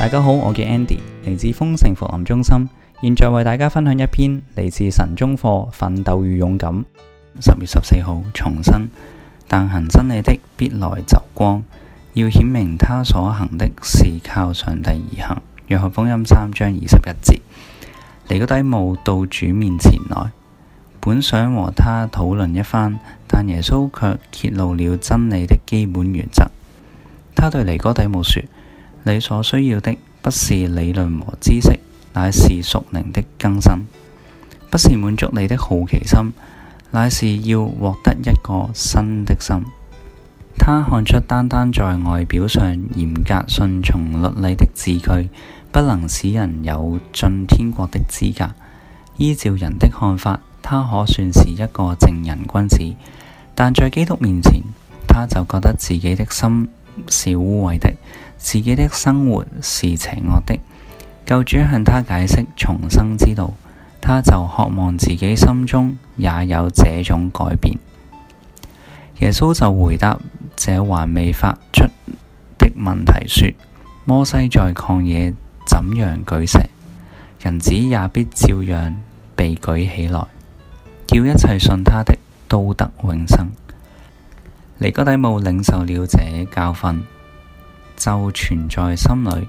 大家好，我叫 Andy，嚟自豐盛福臨中心，現在為大家分享一篇嚟自神中課《奮鬥與勇敢》。十月十四號重生，但行真理的必來就光，要顯明他所行的是靠上帝而行。約翰福音三章二十一節。尼哥底慕到主面前來，本想和他討論一番，但耶穌卻揭露了真理的基本原則。他對尼哥底慕說。你所需要的不是理論和知識，乃是屬靈的更新；不是滿足你的好奇心，乃是要獲得一個新的心。他看出，單單在外表上嚴格、順從、律例的字句，不能使人有進天國的資格。依照人的看法，他可算是一個正人君子，但在基督面前，他就覺得自己的心是污穢的。自己的生活是邪惡的，救主向他解釋重生之道，他就渴望自己心中也有這種改變。耶穌就回答這還未發出的問題說：摩西在曠野怎樣舉蛇，人子也必照樣被舉起來，叫一切信他的都得永生。尼哥底母領受了這教訓。就存在心裏，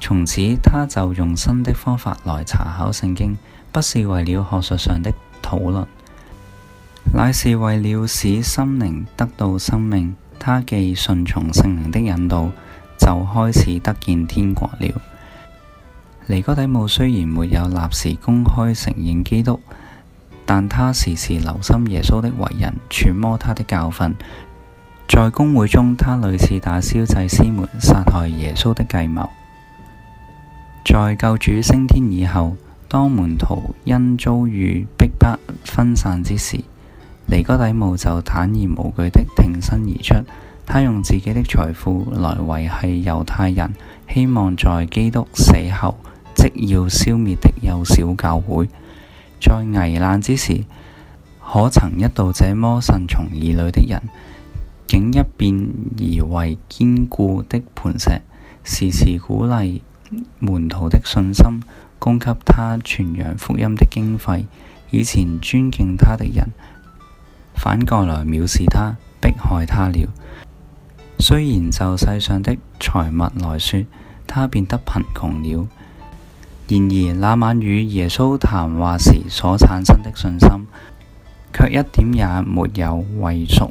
從此他就用新的方法來查考聖經，不是為了學術上的討論，乃是為了使心靈得到生命。他既順從聖靈的引導，就開始得見天國了。尼哥底母雖然沒有立時公開承認基督，但他時時留心耶穌的為人，揣摩他的教訓。在公會中，他屢次打消祭司們殺害耶穌的計謀。在救主升天以後，當門徒因遭遇逼迫分散之時，尼哥底母就坦然無懼地挺身而出。他用自己的財富來維繫猶太人，希望在基督死後即要消滅的幼小教會。在危難之時，可曾一度這麼順從兒女的人？竟一變而為堅固的磐石，時時鼓勵門徒的信心，供給他傳揚福音的經費。以前尊敬他的人，反過來藐視他、迫害他了。雖然就世上的財物來說，他變得貧窮了，然而那晚與耶穌談話時所產生的信心，卻一點也沒有畏縮。